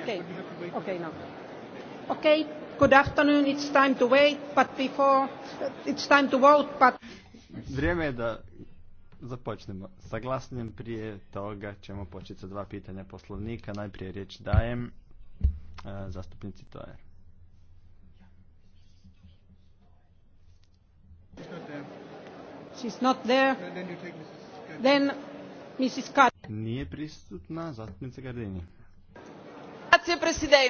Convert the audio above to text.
Okay. Okay now. Okay. Good afternoon. It's time to wait, but before it's time to vote, but Vrijeme je da započnemo. Saglasnim prije toga ćemo početi sa dva pitanja poslovnika. Najprije riječ dajem e, zastupnici Tojer. She's not there. Then Mrs. Kat. Nije prisutna zastupnica Gardini. Grazie,